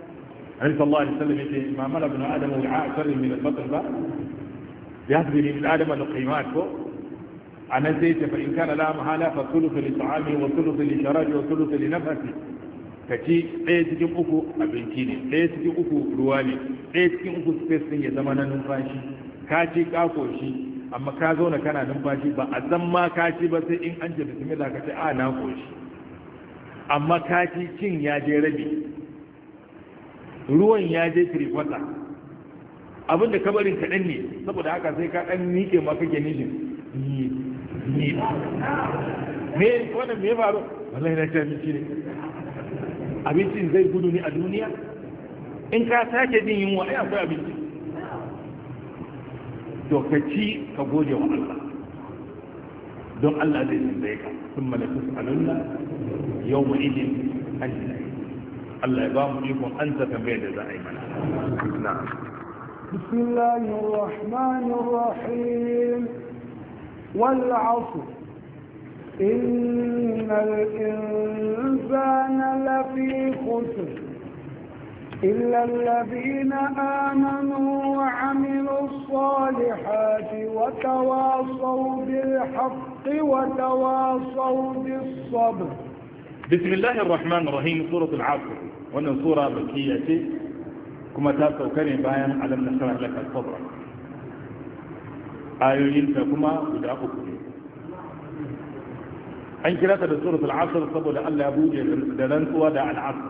عند الله عليه وسلم ما مر ابن آدم وعاء شر من البطن بقى يهدي لابن آدم القيمات عن الزيت فإن كان لا محالة فالثلث لطعامه والثلث لشرابه والثلث لنفسه kaci ɗaya cikin uku abinci ne ɗaya cikin uku ruwa ne ɗaya cikin uku space ɗin ya zama na numfashi ka ci ka koshi amma ka zauna kana numfashi ba a zan ma ka ci ba sai in an ce bismillah ka ce a na koshi amma ka ci cin ya je rabi ruwan ya je tirifata abinda kabarin kabarin kaɗan ne saboda haka sai ka ɗan nike ma kake nishi ni me wannan me faru wallahi na ci abinci ne abincin zai gudu ne a duniya in ka sake jin yunwa ai akwai abinci to ka ci ka goje wa Allah don Allah zai zai ka sun malaka su alunna yau ma'idin an العظام فيكم أنت تنبيه جزاء أيمن نعم بسم الله الرحمن الرحيم والعصر إن الإنسان لفي خسر إلا الذين آمنوا وعملوا الصالحات وتواصوا بالحق وتواصوا بالصبر بسم الله الرحمن الرحيم سورة العصر wannan sura makiyya ce kuma ta sauka ne bayan alam na nasara laka sabra ayoyinta kuma guda uku ne an kira ta da suratul asr saboda Allah ya buɗe da rantsuwa da al'asr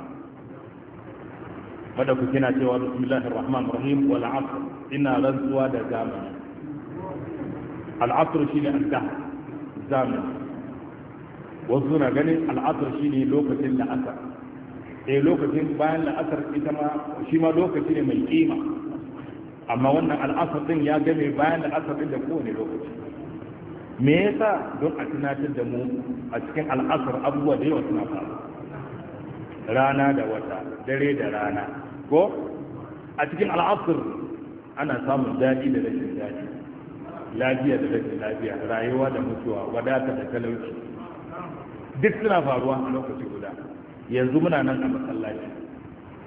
wadda ku kina cewa bismillahir rahmanir rahim wa asr ina rantsuwa da zamani al'asr shine al-dahr zamani wasu na ganin al'asr shine lokacin da asar eh lokacin bayan la'asar ita ma shi ma lokaci ne mai kima amma wannan al'asar din ya game bayan la'asar din da kowane lokaci me yasa don a tunatar da mu a cikin al'asar abubuwa da yawa suna faru rana da wata dare da rana ko a cikin al'asar ana samun daɗi da rashin daɗi lafiya da rashin lafiya rayuwa da mutuwa wadata da talauci duk suna faruwa a lokaci yanzu muna nan a masallaci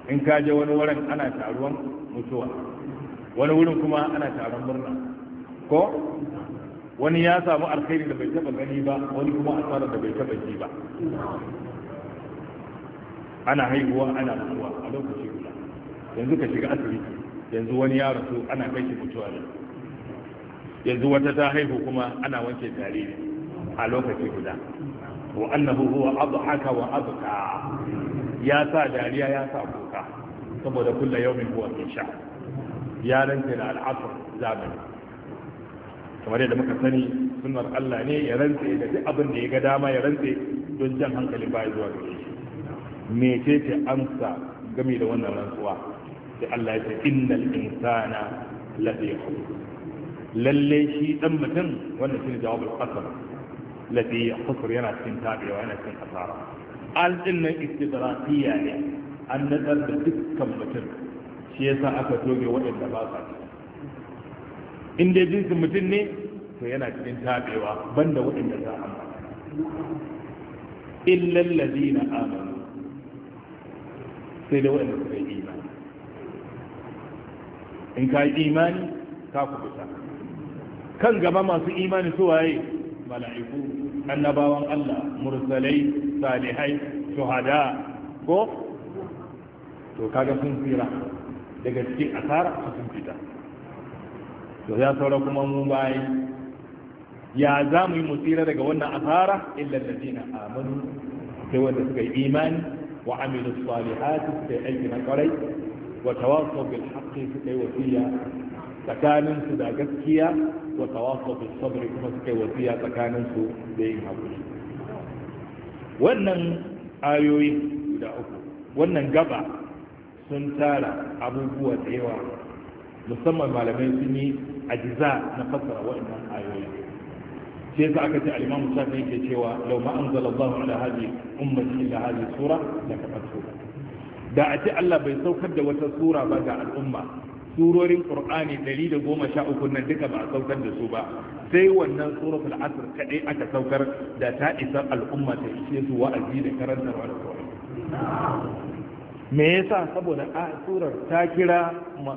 in ka je wani wurin ana taruwan mutuwa wani wurin kuma ana taron murna ko wani ya samu alkhairi da bai taba gani ba wani kuma asarar da bai taba ji ba ana haihuwa ana mutuwa a lokaci guda yanzu ka shiga asibiti yanzu wani ya rasu ana kai shi mutuwa ne yanzu wata ta haihu kuma ana wanke jariri a lokaci guda wa annahu huwa adhaka wa abka ya sa dariya ya sa kuka saboda kullu yawmin huwa fi sha ya rantsa da al'asr zamani kamar yadda muka sani sunnar Allah ne ya rantsa da duk abin da ya ga dama ya rantsa don jan hankalin baya zuwa gare shi mece ce amsa game da wannan rantsuwa sai Allah ya ce innal insana lafi lalle shi dan mutum wannan shi shine jawabul qasam lafi kusur yana cikin tabewa yana cikin asara al din nan istidrafiya ne an nazar da dukkan mutum shi yasa aka toge waɗanda ba sa in dai jinsin mutum ne to yana cikin tabewa banda waɗanda za a illal ladina amanu sai da waɗanda suka yi imani in ka yi imani ka kubuta kan gaba masu imani su waye mala'iku annabawan Allah mursalai salihai shuhada ko to kaga sun tsira daga cikin asara sun fita to ya saura kuma mu bayi ya za mu yi musira daga wannan asara illa allazina amanu sai wanda suka yi imani wa amilu salihati suka yi aiki na kwarai wa tawassaw bil haqqi suka yi wasiya tsakanin su da gaskiya wa tawassu bis sabr kuma suke wasiya tsakanin su da yin hakuri wannan ayoyi guda uku wannan gaba sun tara abubuwa da yawa musamman malamai sun yi ajiza na fassara waɗannan ayoyi sai yasa aka ce al-Imam Shafi yake cewa law ma anzala Allahu ala hadhihi ummati illa hadhihi sura da kafat sura da a ce Allah bai saukar da wata sura ba ga al'umma surorin qur'ani 113 nan duka ba a saukar da su ba sai wannan suratul asr kadai aka saukar da ta isa al'umma ta ishe su wa'azi da karantarwa da me yasa saboda a surar ta kira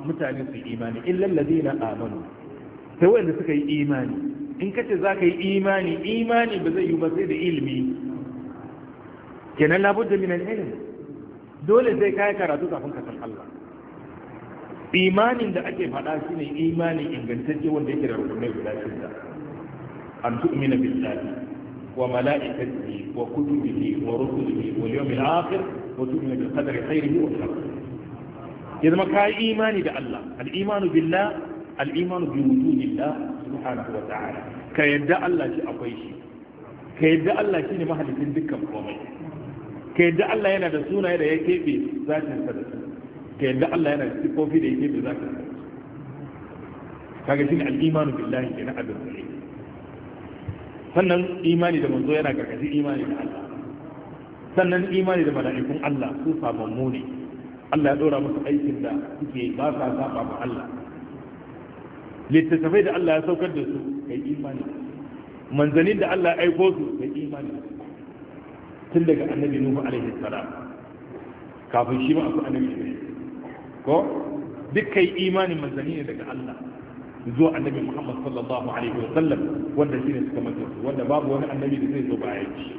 mutane su imani illal ladina amanu sai wanda suka yi imani in kace zaka yi imani imani ba zai yi ba sai da ilimi kenan labudda min al-ilm dole sai kai karatu kafin ka san Allah imanin da ake faɗa shine imanin ingantacce wanda yake da rukunai guda shida an tu'mina billahi wa mala'ikatihi wa kutubihi wa rusulihi wa yawmil akhir wa tu'mina bil qadari khairihi wa sharrihi ya zama ka yi imani da Allah al-imanu billah al-imanu bi wujudillah subhanahu wa ta'ala ka yadda Allah shi akwai shi ka yadda Allah shi ne mahalicin dukkan komai ka yadda Allah yana da sunaye da ya keɓe zatinsa da su ka yadda Allah yana da siffofi da yake da za ka kaga shi ne al'imanu billahi ke na abin sannan imani da manzo yana karkashin imani da Allah sannan imani da mala'ikun Allah su sabammu ne Allah ya dora musu aikin da suke ba sa saba ma Allah littattafai da Allah ya saukar da su kai imani manzanin da Allah ya aiko su kai imani tun daga annabi Nuhu alaihi salam kafin shi ma akwai annabi Ibrahim ko duk yi imanin manzanni ne daga Allah zuwa annabi Muhammad sallallahu alaihi wa sallam wanda shine suka mata wanda babu wani annabi da zai zo bayan shi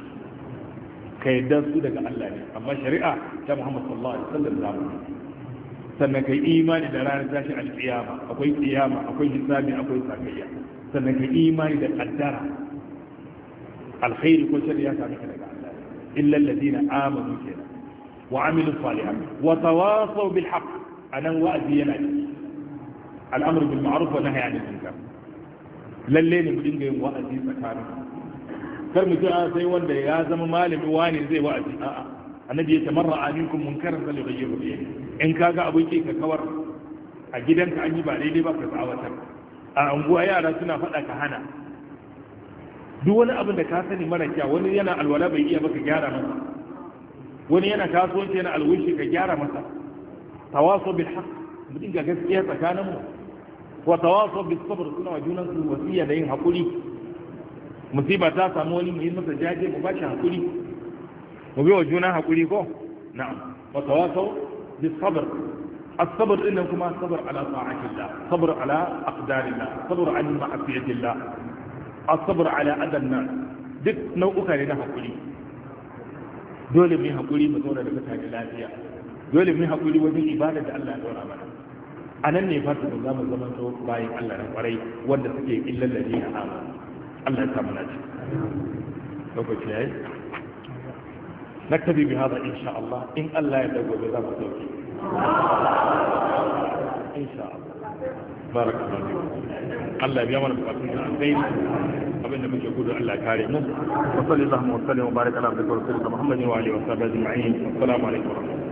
ka yadda su daga Allah ne amma shari'a ta Muhammad sallallahu alaihi wa sallam za zamu sannan kai imani da ranar tashi alkiyama akwai kiyama akwai hisabi akwai sakayya sannan kai imani da qaddara alkhairi ko shari'a ta maka daga Allah illa alladhina amanu kenan wa amilu salihan wa tawasaw bil haqq a nan wa'azi yana ciki al'amur bil ma'ruf wa nahy anil munkar lalle ne mu dinga yin wa'azi tsakanin kar mu a ah, sai wanda ya zama malami wani zai wa'azi a'a annabi ya tamarra aminkum munkaran zal yughayyiru bi in kaga abin ke ka kawar a gidanka an yi ba daidai ba ka tsawatar a anguwa yara suna faɗa ka hana duk wani abin da ka sani mara kyau wani yana alwala bai iya ba ka gyara masa wani yana kasuwanci yana alwishi ka gyara masa tawaso bil haqq mu dinga gaskiya tsakanin mu wa tawaso bis sabr suna wa junan su wasiya da yin hakuri musiba ta samu wani mu yi masa jaje mu bashi hakuri mu bi wa juna hakuri ko na'am wa tawaso bis sabr الصبر إنكما صبر على طاعة الله صبر على أقدار الله صبر عن معصية الله الصبر على أذى الناس duk nau'uka ne na hakuri dole mu yi hakuri mu zauna da mutane lafiya dole mu haƙuri wajen ibada da Allah ya dora mana a nan ne fata da zamu zama to bayan Allah na kwarai wanda suke illal ladina amanu Allah ya samu naci lokaci yayi naktabi bi hada insha Allah in Allah ya dago da zamu sauke insha Allah barakallahu Allah ya mana bukatun da alkhairi abin da muke gudu Allah kare mu wa sallallahu wa sallam wa baraka ala abdika wa rasulika muhammadin wa alihi wa sahbihi ajma'in assalamu alaikum wa rahmatullahi